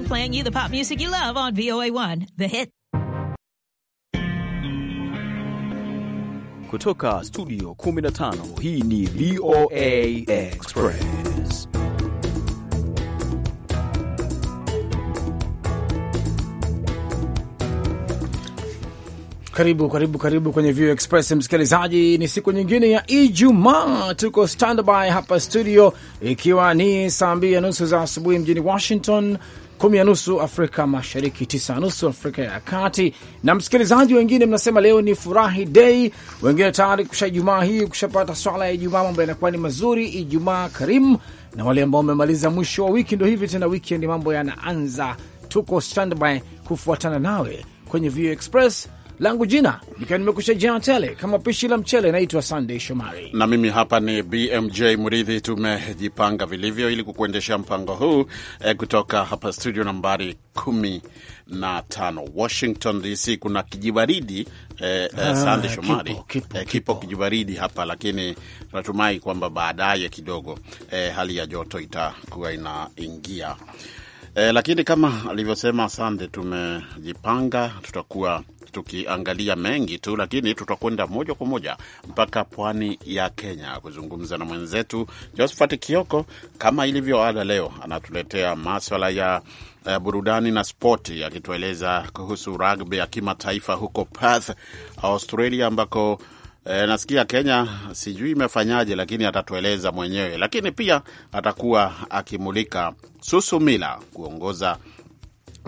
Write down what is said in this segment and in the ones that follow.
Playing you the pop music you love on VOA1, The Hit. Kutoka studio 15, hii ni VOA Express. Karibu karibu karibu kwenye VOA Express msikilizaji, ni siku nyingine ya Ijumaa. Tuko standby hapa studio, ikiwa ni saa mbili na nusu za asubuhi mjini Washington kumi na nusu Afrika Mashariki, tisa na nusu Afrika ya Kati. Na msikilizaji, wengine mnasema leo ni furahi dei, wengine tayari kusha Ijumaa hii kushapata swala ya Ijumaa, mambo yanakuwa ni mazuri. Ijumaa karimu, na wale ambao wamemaliza mwisho wa wiki, ndo hivi tena wikendi mambo yanaanza. Tuko standby kufuatana nawe kwenye Vio Express langu jina nikiwa nimekusha jaa tele kama pishi la mchele. Naitwa Sandey Shomari na mimi hapa ni BMJ mridhi Tumejipanga vilivyo ili kukuendeshea mpango huu eh, kutoka hapa studio nambari 15 Washington DC. Kuna kijibaridi eh, eh, ah, Sunday Shomari, kipo, kipo, eh, kipo kijibaridi hapa, lakini tunatumai kwamba baadaye kidogo eh, hali ya joto itakuwa inaingia E, lakini kama alivyosema Sande, tumejipanga, tutakuwa tukiangalia mengi tu, lakini tutakwenda moja kwa moja mpaka pwani ya Kenya kuzungumza na mwenzetu Josephat Kioko. Kama ilivyo ada, leo anatuletea maswala ya uh, burudani na spoti, akitueleza kuhusu rugby ya kimataifa huko Perth, Australia, ambako E, nasikia Kenya sijui imefanyaje, lakini atatueleza mwenyewe. Lakini pia atakuwa akimulika Susu Mila kuongoza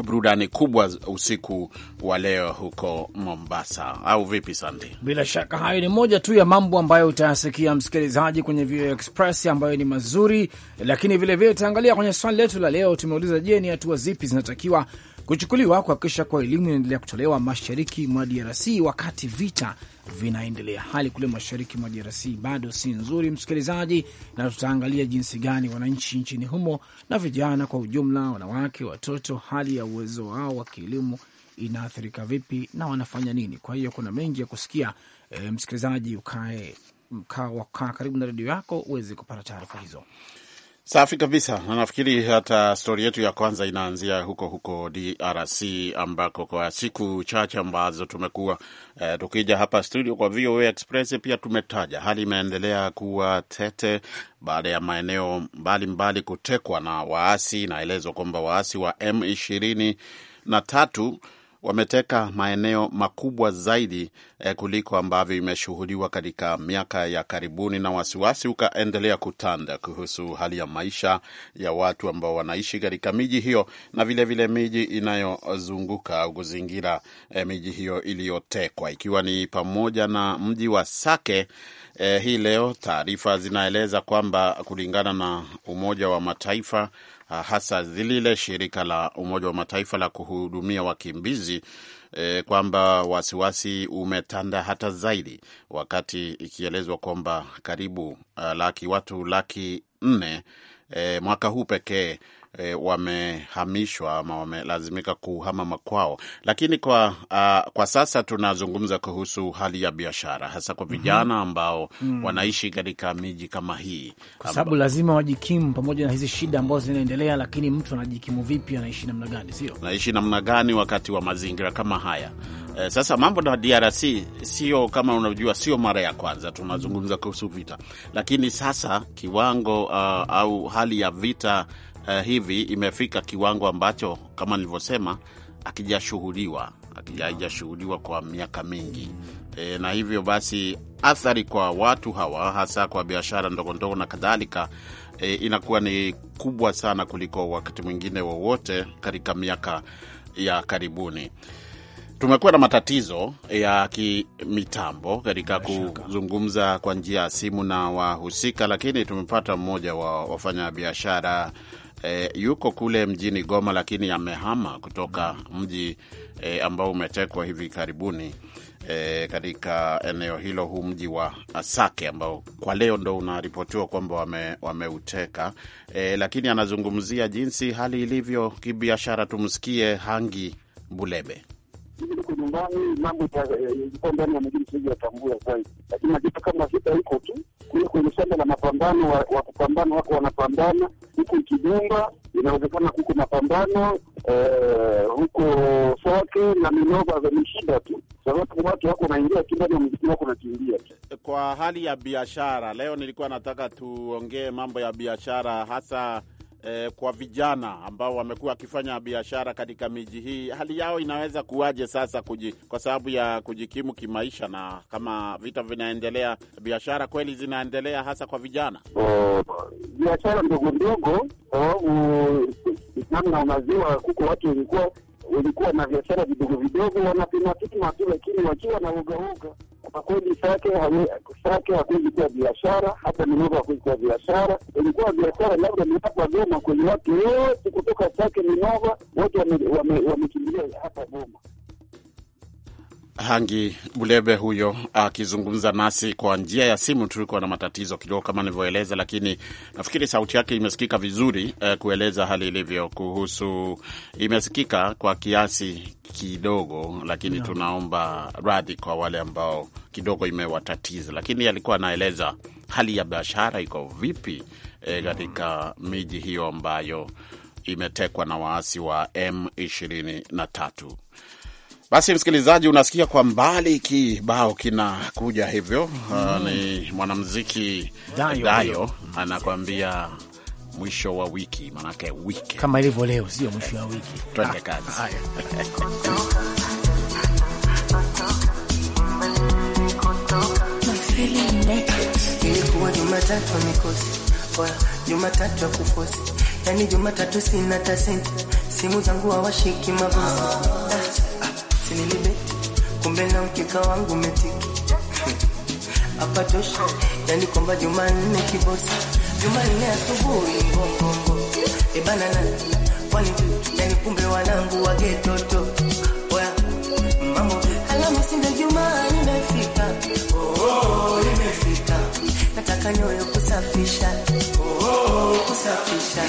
burudani kubwa usiku wa leo huko Mombasa, au vipi Sandi? Bila shaka hayo ni moja tu ya mambo ambayo utayasikia msikilizaji kwenye VOA Express ambayo ni mazuri, lakini vilevile utaangalia kwenye swali letu la leo. Tumeuliza, je, ni hatua zipi zinatakiwa kuchukuliwa kuhakikisha kuwa elimu inaendelea kutolewa mashariki mwa DRC wakati vita vinaendelea. Hali kule mashariki mwa DRC bado si nzuri, msikilizaji, na tutaangalia jinsi gani wananchi nchini humo na vijana kwa ujumla, wanawake, watoto, hali ya uwezo wao wa kielimu inaathirika vipi na wanafanya nini. Kwa hiyo kuna mengi ya kusikia. E, msikilizaji, ukae mkaa wakaa karibu na redio yako uweze kupata taarifa hizo. Safi kabisa. Nafikiri hata stori yetu ya kwanza inaanzia huko huko DRC ambako kwa siku chache ambazo tumekuwa e, tukija hapa studio kwa VOA Express pia tumetaja hali imeendelea kuwa tete baada ya maeneo mbalimbali mbali kutekwa na waasi. Inaelezwa kwamba waasi wa M ishirini na tatu wameteka maeneo makubwa zaidi eh, kuliko ambavyo imeshuhudiwa katika miaka ya karibuni, na wasiwasi ukaendelea kutanda kuhusu hali ya maisha ya watu ambao wanaishi katika miji hiyo na vilevile vile miji inayozunguka au kuzingira eh, miji hiyo iliyotekwa ikiwa ni pamoja na mji wa Sake. Eh, hii leo taarifa zinaeleza kwamba kulingana na Umoja wa Mataifa Uh, hasa lile shirika la Umoja wa Mataifa la kuhudumia wakimbizi e, kwamba wasiwasi umetanda hata zaidi, wakati ikielezwa kwamba karibu uh, laki watu laki nne e, mwaka huu pekee e, wamehamishwa ama wamelazimika kuhama makwao. Lakini kwa, a, ah, kwa sasa tunazungumza kuhusu hali ya biashara hasa kwa mhm. vijana ambao mm -hmm. wanaishi katika miji kama hii, kwa sababu lazima wajikimu pamoja na hizi shida ambazo zinaendelea. Lakini mtu anajikimu vipi? Anaishi namna gani? Sio naishi namna gani wakati wa mazingira kama haya? Eh, sasa mambo na DRC sio kama unajua, sio mara ya kwanza tunazungumza kuhusu vita, lakini sasa kiwango uh, au hali ya vita uh, hivi imefika kiwango ambacho kama nilivyosema akijashuhudiwa akijashuhudiwa kwa miaka mingi e, na hivyo basi athari kwa watu hawa hasa kwa biashara ndogondogo na kadhalika e, inakuwa ni kubwa sana kuliko wakati mwingine wowote katika miaka ya karibuni tumekuwa na matatizo ya kimitambo katika kuzungumza kwa njia ya simu na wahusika, lakini tumepata mmoja wa wafanyabiashara e, yuko kule mjini Goma, lakini amehama kutoka mji e, ambao umetekwa hivi karibuni e, katika eneo hilo, huu mji wa Sake ambao kwa leo ndo unaripotiwa kwamba wame, wameuteka e, lakini anazungumzia jinsi hali ilivyo kibiashara. Tumsikie Hangi Bulebe nyumbani, mambo ilikuwa eh, ndani ya mjini, sasa yatambua zaidi. Lakini nakitu kama vita iko tu kule kwenye shamba la mapambano, wa, kupambana wako wanapambana huku Kidumba, inawezekana kuko mapambano eh, huko Sake na Minova za tu, sababu watu wako wanaingia tu ndani ya mjini, wako wanakimbia Kwa hali ya biashara leo, nilikuwa nataka tuongee mambo ya biashara hasa eh, kwa vijana ambao wamekuwa wakifanya biashara katika miji hii, hali yao inaweza kuwaje sasa kuji, kwa sababu ya kujikimu kimaisha, na kama vita vinaendelea, biashara kweli zinaendelea hasa kwa vijana, biashara ndogo ndogo, namna unaziwa kuko watu walikuwa walikuwa na biashara vidogo vidogo, wanapima kitu tu, lakini wakiwa na ugauga kwa kweli Sake hakuwezi kuwa biashara, hata Minova hakuwezi kuwa biashara. Ilikuwa biashara labda ni hapa Goma, kwenye watu wote kutoka Sake Minova wote wamekimbilia hapa Goma. Hangi Bulebe huyo akizungumza nasi kwa njia ya simu. Tulikuwa na matatizo kidogo kama nilivyoeleza, lakini nafikiri sauti yake imesikika vizuri eh, kueleza hali ilivyo kuhusu. Imesikika kwa kiasi kidogo, lakini no. Tunaomba radhi kwa wale ambao kidogo imewatatiza, lakini alikuwa anaeleza hali ya biashara iko vipi eh, mm. katika eh, no. miji hiyo ambayo imetekwa na waasi wa M23. Basi msikilizaji, unasikia kwa mbali kibao kinakuja hivyo. Mm. Ni mwanamuziki Dayo, Dayo anakuambia mwisho wa wiki, maanake wiki kama ilivyo leo, sio mwisho wa wiki. Twende ah, kazi. Jumatatu ya kufosi, yani Jumatatu sina tasenti, simu zangu hawashiki mabosi sinilibe, kumbe na mkeka wangu metiki hapa tosha, yani kwamba Jumanne kibosi, Jumanne asubuhi ngongongo ebana eh, na kwani yani kumbe wanangu wagetoto oya mambo Alhamisi na Jumaa imefika, oh, oh, imefika, nataka nyoyo kusafisha, oh, oh, kusafisha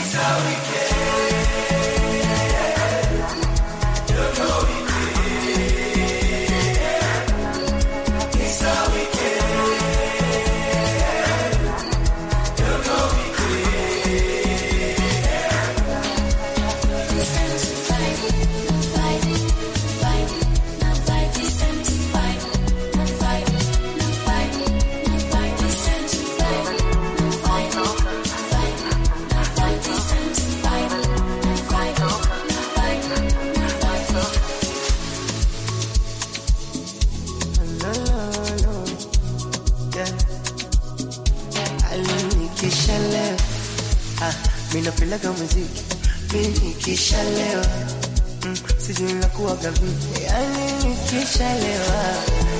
mboga vipi? Yani nikishalewa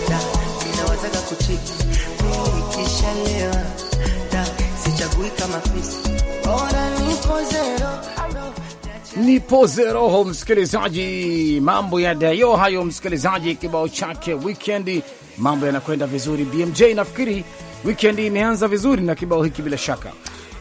da ninawataka kuchiki, nikishalewa da sichagui kama fisi, bora nipo zero roho msikilizaji, mambo ya dayo hayo msikilizaji, kibao chake wikendi, mambo yanakwenda vizuri. BMJ, nafikiri wikendi imeanza vizuri na kibao hiki bila shaka.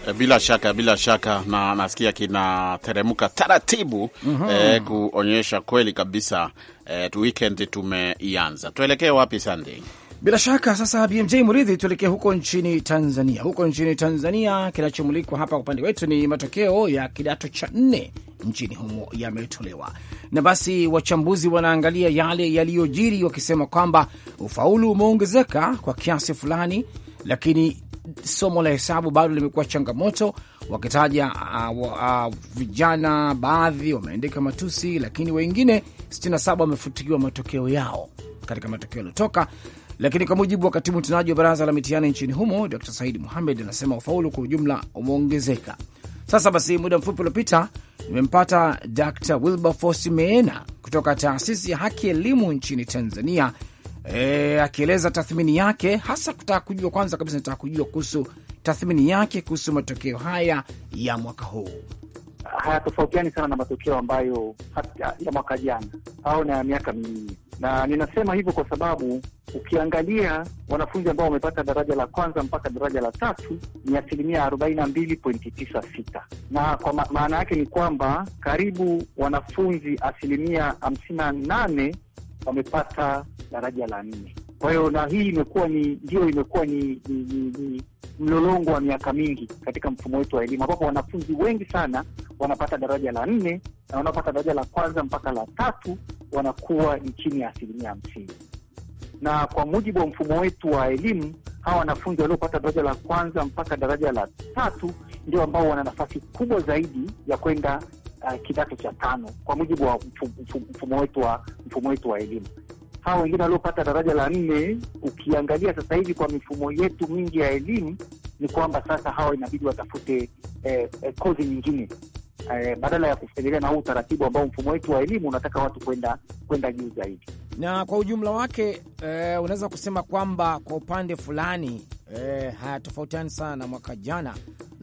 Eh, bila shaka bila shaka, na nasikia kinateremka taratibu mm -hmm. Eh, kuonyesha kweli kabisa eh, weekend tumeianza. Tuelekee wapi Sandi? Bila shaka sasa, BMJ Muridhi, tuelekee huko nchini Tanzania. Huko nchini Tanzania, kinachomulikwa hapa upande wetu ni matokeo ya kidato cha nne nchini humo yametolewa, na basi wachambuzi wanaangalia yale yaliyojiri, wakisema kwamba ufaulu umeongezeka kwa kiasi fulani, lakini somo la hesabu bado limekuwa changamoto, wakitaja uh, uh, vijana baadhi wameandika matusi, lakini wengine 67 wamefutikiwa matokeo yao katika matokeo yaliyotoka. Lakini kwa mujibu wa katibu mtendaji wa baraza la mitihani nchini humo Dr said Muhamed anasema ufaulu kwa ujumla umeongezeka. Sasa basi, muda mfupi uliopita nimempata Dr Wilberforce Meena kutoka taasisi ya haki elimu nchini Tanzania e, akieleza tathmini yake hasa. kutaka kujua kwanza kabisa, nataka kujua kuhusu tathmini yake kuhusu matokeo haya ya mwaka huu. Hayatofautiani sana na matokeo ambayo ya mwaka jana au na ya miaka minne na ninasema hivyo kwa sababu ukiangalia wanafunzi ambao wamepata daraja la kwanza mpaka daraja la tatu ni asilimia arobaini na mbili pointi tisa sita na kwa ma maana yake ni kwamba karibu wanafunzi asilimia hamsini na nane wamepata daraja la nne. Kwa hiyo na hii imekuwa ni ndio imekuwa ni, ni, ni, ni mlolongo wa miaka mingi katika mfumo wetu wa elimu ambapo wanafunzi wengi sana wanapata daraja la nne na wanaopata daraja la kwanza mpaka la tatu wanakuwa ni chini ya asilimia hamsini. Na kwa mujibu wa mfumo wetu wa elimu, hawa wanafunzi waliopata daraja la kwanza mpaka daraja la tatu ndio ambao wana nafasi kubwa zaidi ya kwenda uh, kidato cha tano kwa mujibu wa mfumo wetu wa mfumo wetu wa elimu. Hawa wengine waliopata daraja la nne, ukiangalia sasa hivi kwa mifumo yetu mingi ya elimu ni kwamba sasa hawa inabidi watafute eh, eh, kozi nyingine eh, badala ya kuendelea na huu utaratibu ambao mfumo wetu wa elimu unataka watu kwenda kwenda juu zaidi. Na kwa ujumla wake eh, unaweza kusema kwamba kwa upande fulani eh, hayatofautiani sana na mwaka jana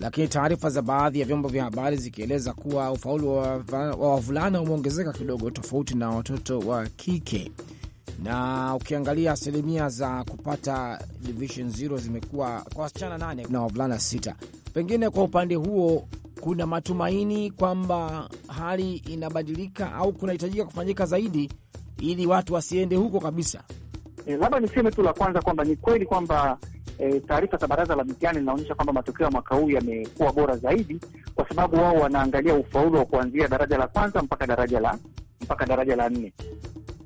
lakini taarifa za baadhi ya vyombo vya habari zikieleza kuwa ufaulu wa wavulana umeongezeka kidogo tofauti na watoto wa kike. Na ukiangalia asilimia za kupata division zero zimekuwa kwa wasichana nane na wavulana sita. Pengine kwa upande huo kuna matumaini kwamba hali inabadilika au kunahitajika kufanyika zaidi ili watu wasiende huko kabisa. E, labda niseme tu la kwanza kwamba ni kweli kwamba e, taarifa za baraza la mitihani linaonyesha kwamba matokeo ya mwaka huu yamekuwa bora zaidi, kwa sababu wao wanaangalia ufaulu wa kuanzia daraja la kwanza mpaka daraja la mpaka daraja la nne,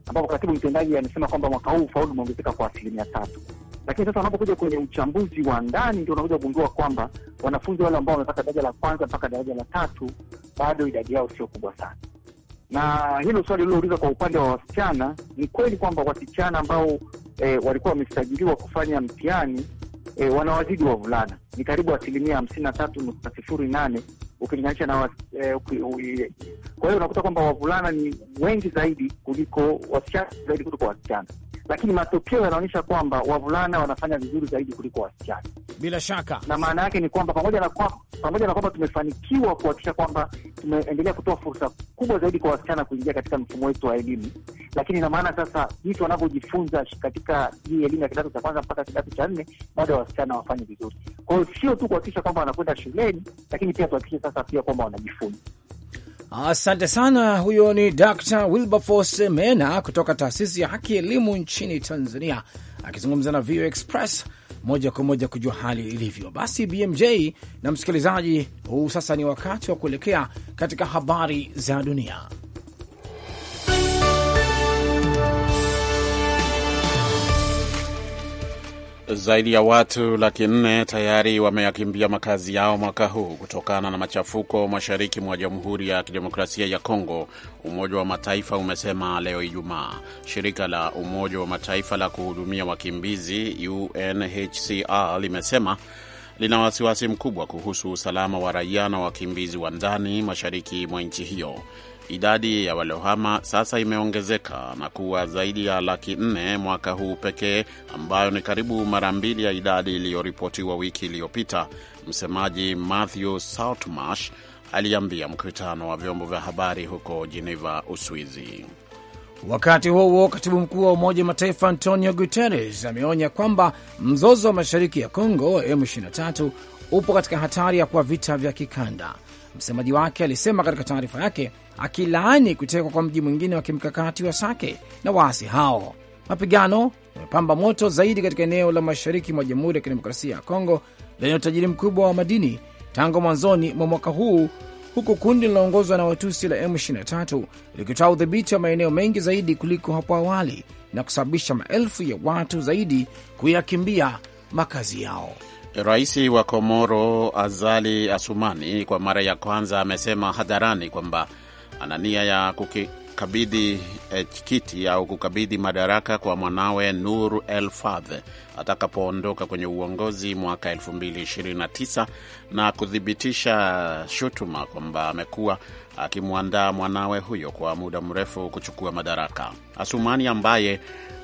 ambapo katibu mtendaji amesema kwamba mwaka huu ufaulu umeongezeka kwa asilimia tatu. Lakini sasa wanapokuja kwenye uchambuzi wa ndani, ndio unakuja kugundua kwamba wanafunzi wale ambao wamepata daraja la kwanza mpaka daraja la tatu bado idadi yao sio kubwa sana na hilo swali lilouliza kwa upande wa wasichana, ni kweli kwamba wasichana ambao e, walikuwa wamesajiliwa kufanya mtihani e, wanawazidi wavulana ni karibu asilimia hamsini na tatu nukta sifuri nane ukilinganisha na e, e, kwa hiyo unakuta kwamba wavulana ni wengi zaidi kuliko wasichana zaidi kuliko wasichana lakini matokeo yanaonyesha kwamba wavulana wanafanya vizuri zaidi kuliko wasichana. Bila shaka, na maana yake ni kwamba pamoja na kwamba pamoja na kwamba tumefanikiwa kuhakikisha kwamba tumeendelea kutoa fursa kubwa zaidi kwa wasichana kuingia katika mfumo wetu wa elimu, lakini ina maana sasa vitu wanavyojifunza katika hii elimu ya kidato cha kwanza mpaka kidato cha nne, bado wasichana wafanye vizuri. Kwa hiyo sio tu kuhakikisha kwamba wanakwenda shuleni, lakini pia tuhakikishe sasa pia kwamba wanajifunza. Asante sana. Huyo ni Dr Wilberforce Mena kutoka taasisi ya haki elimu nchini Tanzania akizungumza na VOA Express moja kwa moja kujua hali ilivyo. Basi BMJ na msikilizaji, huu sasa ni wakati wa kuelekea katika habari za dunia. Zaidi ya watu laki nne tayari wameyakimbia makazi yao mwaka huu kutokana na machafuko mashariki mwa Jamhuri ya Kidemokrasia ya Kongo, Umoja wa Mataifa umesema leo Ijumaa. Shirika la Umoja wa Mataifa la kuhudumia wakimbizi UNHCR limesema lina wasiwasi mkubwa kuhusu usalama wa raia na wakimbizi wa ndani mashariki mwa nchi hiyo. Idadi ya waliohama sasa imeongezeka na kuwa zaidi ya laki nne mwaka huu pekee, ambayo ni karibu mara mbili ya idadi iliyoripotiwa wiki iliyopita. Msemaji Matthew Saltmarsh aliambia mkutano wa vyombo vya habari huko Geneva, Uswizi. Wakati huo huo, katibu mkuu wa Umoja wa Mataifa Antonio Guterres ameonya kwamba mzozo wa mashariki ya Kongo M23 upo katika hatari ya kuwa vita vya kikanda. Msemaji wake alisema katika taarifa yake akilaani kutekwa kwa mji mwingine wa kimkakati wa Sake na waasi hao. Mapigano yamepamba moto zaidi katika eneo la mashariki mwa Jamhuri ya Kidemokrasia ya Kongo lenye utajiri mkubwa wa madini tangu mwanzoni mwa mwaka huu, huku kundi linaloongozwa na Watusi la M23 likitoa udhibiti wa maeneo mengi zaidi kuliko hapo awali na kusababisha maelfu ya watu zaidi kuyakimbia makazi yao. Rais wa Komoro Azali Asumani kwa mara ya kwanza amesema hadharani kwamba ana nia ya kukikabidhi eh, kiti au kukabidhi madaraka kwa mwanawe Nur El Fadh atakapoondoka kwenye uongozi mwaka 2029 na kuthibitisha shutuma kwamba amekuwa akimwandaa mwanawe huyo kwa muda mrefu kuchukua madaraka. Asumani ambaye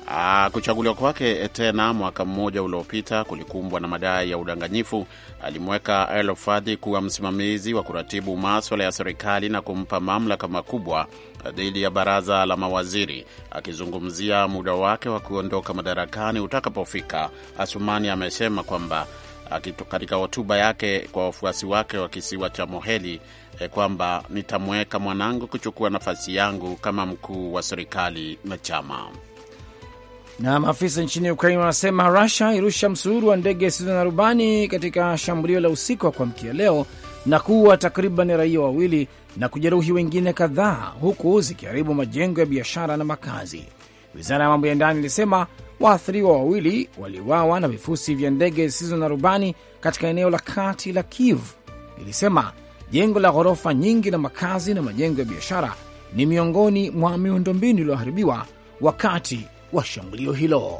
ah, kuchaguliwa kwake tena mwaka mmoja uliopita kulikumbwa na madai ya udanganyifu, alimweka El Fadhi kuwa msimamizi wa kuratibu maswala ya serikali na kumpa mamlaka makubwa dhidi ya baraza la mawaziri. Akizungumzia muda wake wa kuondoka madarakani utakapofika, Asumani amesema kwamba katika hotuba yake kwa wafuasi wake wa kisiwa cha Moheli eh, kwamba nitamweka mwanangu kuchukua nafasi yangu kama mkuu wa serikali na chama. Na maafisa nchini Ukraini wanasema Rusia irusha msururu wa ndege zisizo na rubani katika shambulio la usiku wa kuamkia leo na kuua takriban raia wawili na kujeruhi wengine kadhaa, huku zikiharibu majengo ya biashara na makazi. Wizara ya mambo ya ndani ilisema waathiriwa wawili waliuawa na vifusi vya ndege zisizo na rubani katika eneo la kati la Kiev. Ilisema jengo la ghorofa nyingi la makazi na majengo ya biashara ni miongoni mwa miundombinu iliyoharibiwa wakati wa shambulio hilo.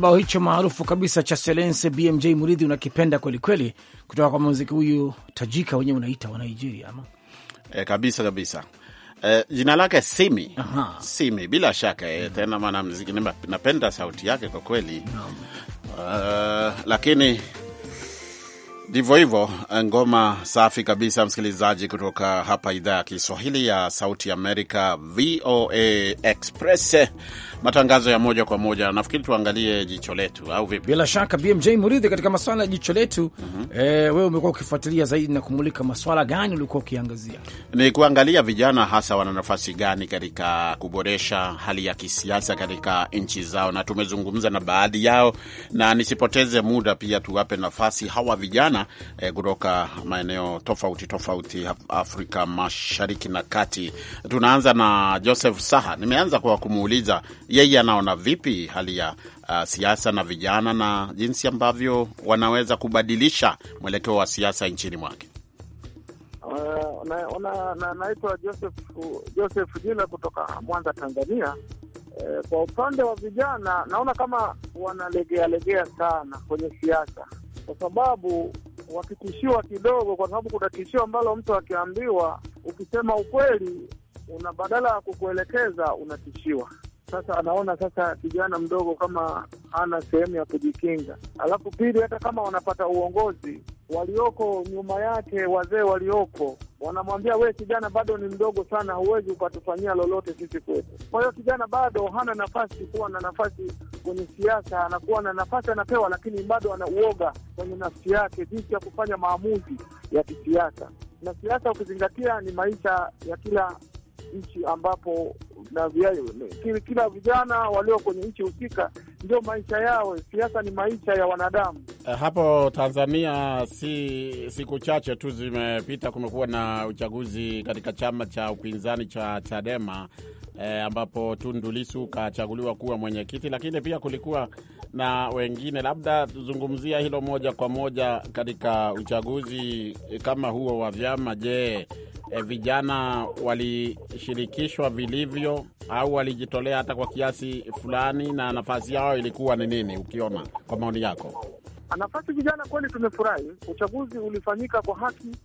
kibao hicho maarufu kabisa cha Selense BMJ Muridhi, unakipenda kwelikweli, kutoka kwa muziki huyu tajika wenyewe unaita wa Nigeria ama e, kabisa kabisa. E, jina lake Simi. Aha. Simi bila shaka e, tena mziki napenda sauti yake kwa kweli. Uh, lakini Ndivyo hivyo, ngoma safi kabisa, msikilizaji, kutoka hapa idhaa ya Kiswahili ya Sauti Amerika, VOA Express, matangazo ya moja kwa moja. Nafikiri tuangalie jicho letu, au vipi? Bila shaka, BMJ Muridhi, katika maswala ya jicho letu mm -hmm. E, wewe umekuwa ukifuatilia zaidi na kumulika maswala gani ulikuwa ukiangazia? Ni kuangalia vijana hasa wana nafasi gani katika kuboresha hali ya kisiasa katika nchi zao, na tumezungumza na baadhi yao, na nisipoteze muda pia tuwape nafasi hawa vijana vijana eh, kutoka maeneo tofauti tofauti Afrika Mashariki na Kati. Tunaanza na Joseph Saha. Nimeanza kwa kumuuliza yeye anaona vipi hali ya uh, siasa na vijana na jinsi ambavyo wanaweza kubadilisha mwelekeo wa siasa nchini mwake. Uh, naitwa na, na, na Joseph, Joseph Jila kutoka Mwanza, Tanzania. E, kwa upande wa vijana naona kama wanalegealegea sana kwenye siasa, kwa sababu wakitishiwa kidogo, kwa sababu kuna tishio ambalo mtu akiambiwa, ukisema ukweli una badala ya kukuelekeza unatishiwa. Sasa anaona sasa kijana mdogo kama hana sehemu ya kujikinga, alafu pili, hata kama wanapata uongozi walioko nyuma yake, wazee walioko wanamwambia we kijana, bado ni mdogo sana, huwezi ukatufanyia lolote sisi kwetu. Kwa hiyo kijana bado hana nafasi kuwa na nafasi kwenye siasa, anakuwa na nafasi anapewa, lakini bado ana uoga kwenye nafsi yake jinsi ya kufanya maamuzi ya kisiasa. Na siasa ukizingatia ni maisha ya kila nchi ambapo na vya, kila vijana walio kwenye nchi husika ndio maisha yao. Siasa ni maisha ya wanadamu. Eh, hapo Tanzania si siku chache tu zimepita, kumekuwa na uchaguzi katika chama cha upinzani cha Chadema e, ambapo Tundu Lissu kachaguliwa kuwa mwenyekiti, lakini pia kulikuwa na wengine. Labda tuzungumzia hilo moja kwa moja katika uchaguzi kama huo wa vyama. Je, e, vijana walishirikishwa vilivyo au walijitolea hata kwa kiasi fulani, na nafasi yao ilikuwa ni nini, ukiona kwa maoni yako? Nafasi vijana, kweli tumefurahi, uchaguzi ulifanyika kwa haki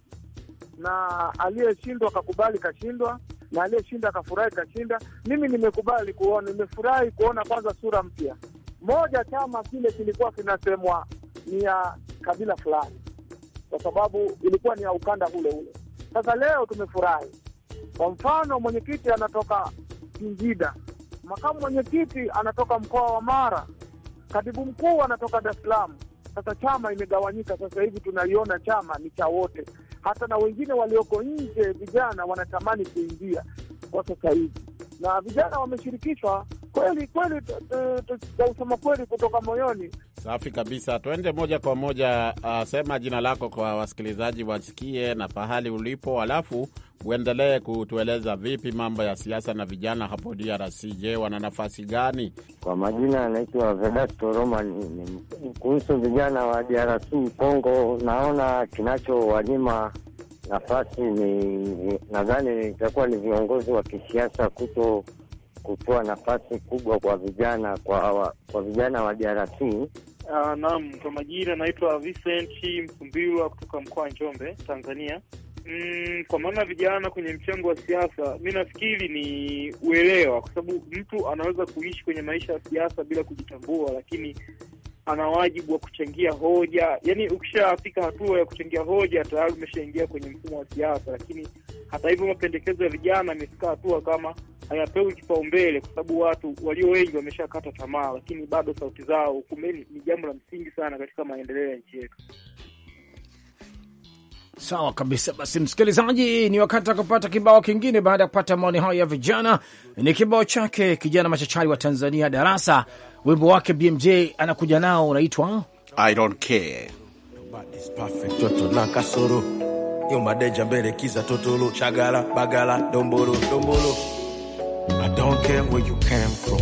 na aliyeshindwa kakubali kashindwa, na aliyeshinda akafurahi kashinda. Mimi nimekubali kuona, nimefurahi kuona kwanza sura mpya moja chama kile kilikuwa kinasemwa ni ya kabila fulani, kwa sababu ilikuwa ni ya ukanda ule ule. Sasa leo tumefurahi. Kwa mfano, mwenyekiti anatoka Singida, makamu mwenyekiti anatoka mkoa wa Mara, katibu mkuu anatoka Dar es Salaam. Sasa chama imegawanyika. Sasa hivi tunaiona chama ni cha wote, hata na wengine walioko nje, vijana wanatamani kuingia kwa sasa hivi, na vijana wameshirikishwa Kweli kweli, kusema kweli kutoka moyoni. Safi kabisa, tuende moja kwa moja. Uh, sema jina lako kwa wasikilizaji wasikie na pahali ulipo, alafu uendelee kutueleza vipi mambo ya siasa na vijana hapo DRC. Je, wana nafasi gani? Kwa majina anaitwa Vedasto Roman. Kuhusu vijana wa DRC Kongo, naona kinachowanyima nafasi ni nadhani itakuwa ni viongozi wa kisiasa kuto kutoa nafasi kubwa kwa vijana kwa, kwa vijana wa DRC. Uh, ah, naam, kwa majina naitwa Vincent Msumbilwa kutoka mkoa wa Njombe, Tanzania. Mm, kwa maana vijana kwenye mchango wa siasa, mi nafikiri ni uelewa, kwa sababu mtu anaweza kuishi kwenye maisha ya siasa bila kujitambua, lakini ana wajibu wa kuchangia hoja. Yani ukishafika hatua ya kuchangia hoja, tayari umeshaingia kwenye mfumo wa siasa, lakini hata hivyo, mapendekezo ya vijana yamefika hatua kama hayapewi kipaumbele kwa sababu watu walio wengi wameshakata tamaa, lakini bado sauti zao ukumbeni ni jambo la msingi sana katika maendeleo ya nchi yetu. Sawa kabisa. Basi msikilizaji, ni wakati wa kupata kibao kingine. Baada ya kupata maoni hayo ya vijana, ni kibao chake kijana machachari wa Tanzania Darasa, wimbo wake BMJ anakuja nao unaitwa I don't care. Nobody's perfect, toto na kasoro yo madeja mbele kiza totolo shagala bagala dombolo dombolo I don't care where you came from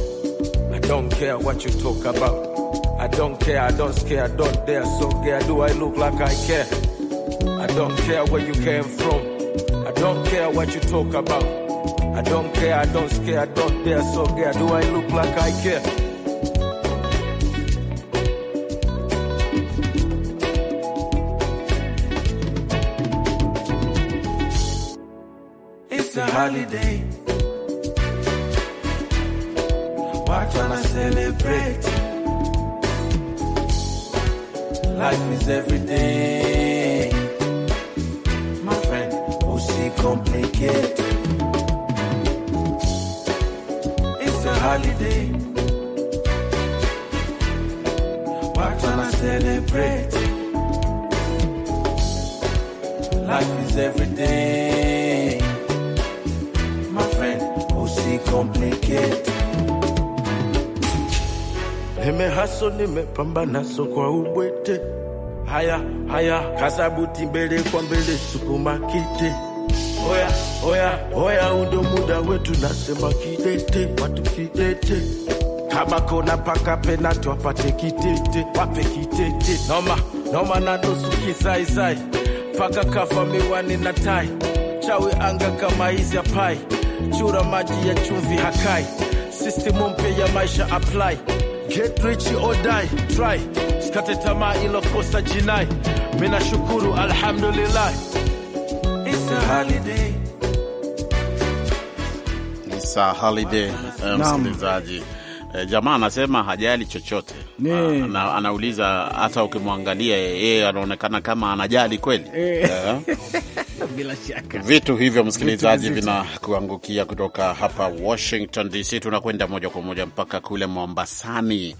I don't care what you talk about I don't care I don't care I don't dare so care do I look like I care I don't care where you came from I don't care what you talk about I don't care I don't care I don't dare so care do I look like I care holiday. Why tryna celebrate? Life is every day. My friend, see complicated. It's a holiday. Why tryna celebrate? Life is every day. ni nimepambana Nimehaso, nimepambanaso kwa ubwete. Haya haya, kasabuti mbele kwa mbele, sukuma kite. Oya oya oya, undo muda wetu, nasema kidete, watu kidete kama kona paka penati wapate kitete, wape kitete noma noma na nusu paka kafa miwani na tai chawe anga kama hizi apai chura maji ya chumvi hakai, system mpya ya maisha apply, get rich or die try, sikate tamaa kosa jinai, mina shukuru alhamdulillah, it's a holiday, it's a holiday eh, msikilizaji E, jamaa anasema hajali chochote ah, Ana, anauliza hata ukimwangalia yeye anaonekana kama anajali kweli e. eh. Bila shaka vitu hivyo msikilizaji, vinakuangukia kutoka hapa Washington DC. Tunakwenda moja kwa moja mpaka kule Mombasani.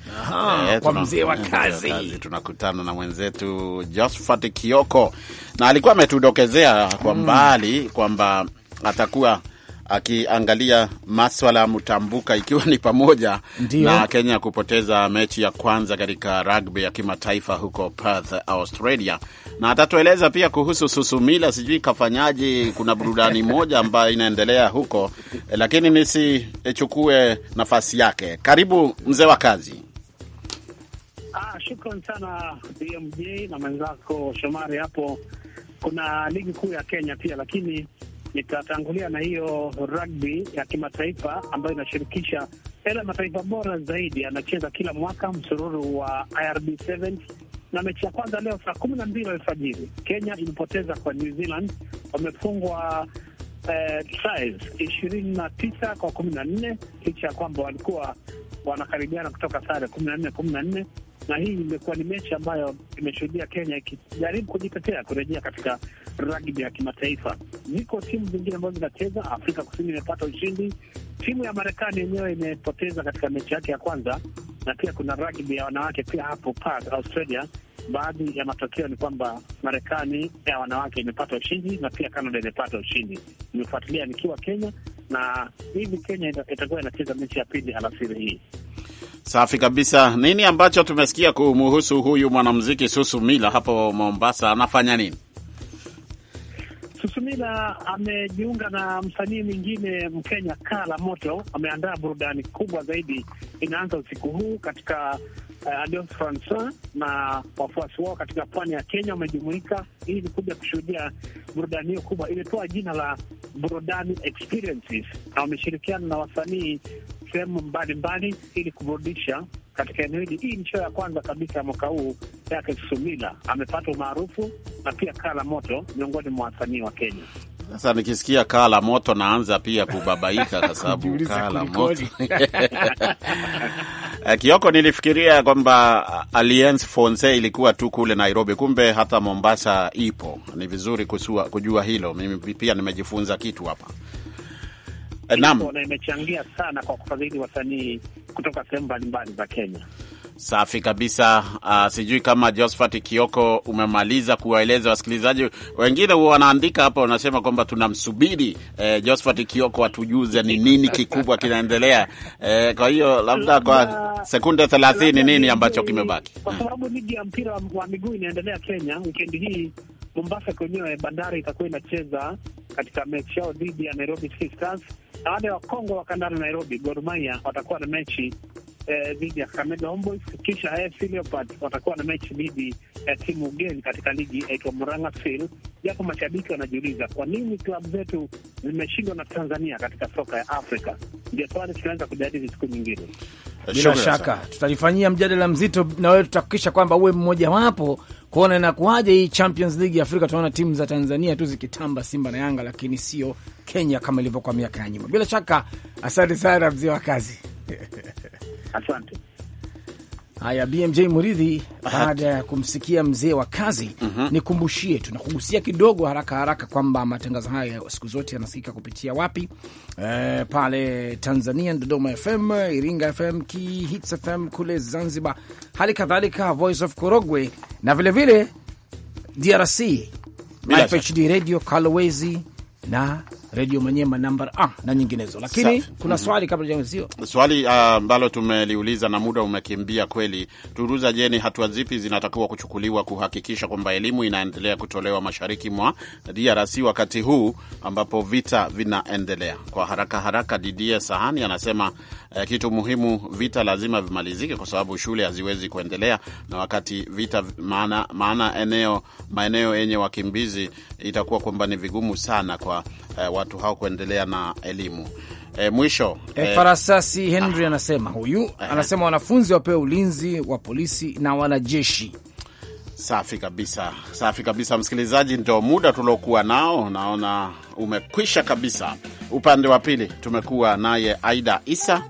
e, kwa mzee wa kazi tunakutana na mwenzetu Josphat Kioko, na alikuwa ametudokezea kwa mm. mbali mm. kwamba atakuwa akiangalia maswala ya mtambuka ikiwa ni pamoja Ndiyo. na Kenya kupoteza mechi ya kwanza katika rugby ya kimataifa huko Perth, Australia, na atatueleza pia kuhusu Susumila, sijui kafanyaji. Kuna burudani moja ambayo inaendelea huko, lakini nisichukue nafasi yake. Karibu mzee wa kazi. Ah, shukran sana BMJ na mwenzako Shomari hapo. Kuna ligi kuu ya Kenya pia lakini nitatangulia na hiyo rugby ya kimataifa ambayo inashirikisha yale mataifa bora zaidi, yanacheza kila mwaka msururu wa IRB 7 na mechi ya kwanza leo saa kumi na mbili alfajiri Kenya imepoteza kwa New Zealand, wamefungwa eh, ishirini na tisa kwa kumi na nne licha ya kwamba walikuwa wanakaribiana kutoka sare kumi na nne kumi na nne na hii imekuwa ni mechi ambayo imeshuhudia Kenya ikijaribu kujitetea kurejea katika ragbi ya kimataifa. Ziko timu zingine ambazo zinacheza. Afrika Kusini imepata ushindi, timu ya Marekani yenyewe imepoteza katika mechi yake ya kwanza, na pia kuna ragbi ya wanawake pia hapo Perth, Australia. Baadhi ya matokeo ni kwamba Marekani ya wanawake imepata ushindi na pia Canada imepata ushindi. Imefuatilia nikiwa Kenya, na hivi Kenya itakuwa inacheza mechi ya pili alasiri hii. Safi kabisa. Nini ambacho tumesikia kumuhusu huyu mwanamuziki Susumila hapo Mombasa, anafanya nini? Susumila amejiunga na msanii mwingine Mkenya Kala Moto, ameandaa burudani kubwa zaidi, inaanza usiku huu katika uh, eh, Francois na wafuasi wao katika pwani ya Kenya wamejumuika ili kuja kushuhudia burudani hiyo kubwa. Imepewa jina la Burudani Experiences na wameshirikiana na wasanii sehemu mbalimbali ili kuburudisha katika eneo hili. Hii ni show ya kwanza kabisa ya mwaka huu yake Sumila, amepata umaarufu na pia kaa la moto miongoni mwa wasanii wa Kenya. Sasa nikisikia kaa la moto naanza pia kubabaika kwa sababu kaa la moto eh, Kioko, nilifikiria kwamba uh, Alliance Francaise ilikuwa tu kule Nairobi, kumbe hata Mombasa ipo. Ni vizuri kusua, kujua hilo. Mimi pia nimejifunza kitu hapa. Eh, na imechangia sana kwa kufadhili wasanii kutoka sehemu mbalimbali za Kenya. Safi kabisa. Uh, sijui kama Josphat Kioko umemaliza kuwaeleza wasikilizaji wengine, Huwa wanaandika hapa wanasema kwamba tunamsubiri eh, Josphat Kioko atujuze ni nini kikubwa kinaendelea eh, kwa hiyo labda kwa sekunde thelathini nini ambacho kimebaki, kwa sababu ligi ya mpira wa miguu inaendelea Kenya wikendi hii. Mombasa kwenyewe Bandari itakuwa inacheza katika mechi yao dhidi ya Nairobi City Stars. Baada ya Wakongo wa kandana Nairobi, Gor Mahia watakuwa na mechi eh, dhidi ya Kakamega Homeboys, kisha AFC Leopards watakuwa na mechi dhidi ya timu geni katika ligi yaitwa Murang'a Seal. Japo mashabiki wanajiuliza kwa nini klabu zetu zimeshindwa na Tanzania katika soka ya Afrika, ndio swali tunaweza kujadili siku nyingine. Bila shaka tutalifanyia mjadala mzito, na wewe tutahakikisha kwamba uwe mmojawapo kuona inakuaje hii Champions League ya Afrika. Tunaona timu za Tanzania tu zikitamba, Simba na Yanga, lakini sio Kenya kama ilivyokuwa miaka ya nyuma. Bila shaka, asante sana mzee wa kazi. Asante. Haya, BMJ Muridhi, baada ya kumsikia mzee wa kazi mm -hmm. Nikumbushie tu nakugusia kidogo haraka haraka kwamba matangazo haya siku zote yanasikika kupitia wapi? E, pale Tanzania Dodoma FM, Iringa FM, Hits FM kule Zanzibar, hali kadhalika Voice of Korogwe na vilevile vile, DRC, hd Radio Kalowezi na redio Manyema namba ah, na nyinginezo, lakini Safi. kuna mm-hmm. swali kabla jazio swali ah, ambalo uh, tumeliuliza na muda umekimbia kweli. Tuuliza, je, ni hatua zipi zinatakiwa kuchukuliwa kuhakikisha kwamba elimu inaendelea kutolewa mashariki mwa DRC wakati huu ambapo vita vinaendelea kwa haraka haraka. Didie Sahani anasema uh, kitu muhimu, vita lazima vimalizike kwa sababu shule haziwezi kuendelea na wakati vita, maana, maana eneo maeneo yenye wakimbizi itakuwa kwamba ni vigumu sana kwa kwa eh, watu hao kuendelea na elimu. E, mwisho e, Farasasi Henry ah, anasema huyu anasema wanafunzi wapewe ulinzi wa polisi na wanajeshi. Safi kabisa, safi kabisa. Msikilizaji, ndio muda tuliokuwa nao, naona umekwisha kabisa. Upande wa pili tumekuwa naye Aida Isa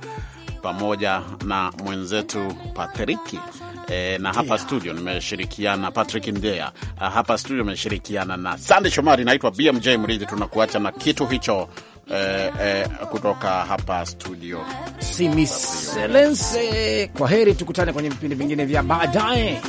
pamoja na mwenzetu Patriki E, na hapa studio nimeshirikiana Patrick Ndea, ah, hapa studio nimeshirikiana na Sande Shomari. Naitwa BMJ Mridhi, tunakuacha na kitu hicho eh, eh, kutoka hapa studio simiselense. Kwa heri, tukutane kwenye vipindi vingine vya baadaye.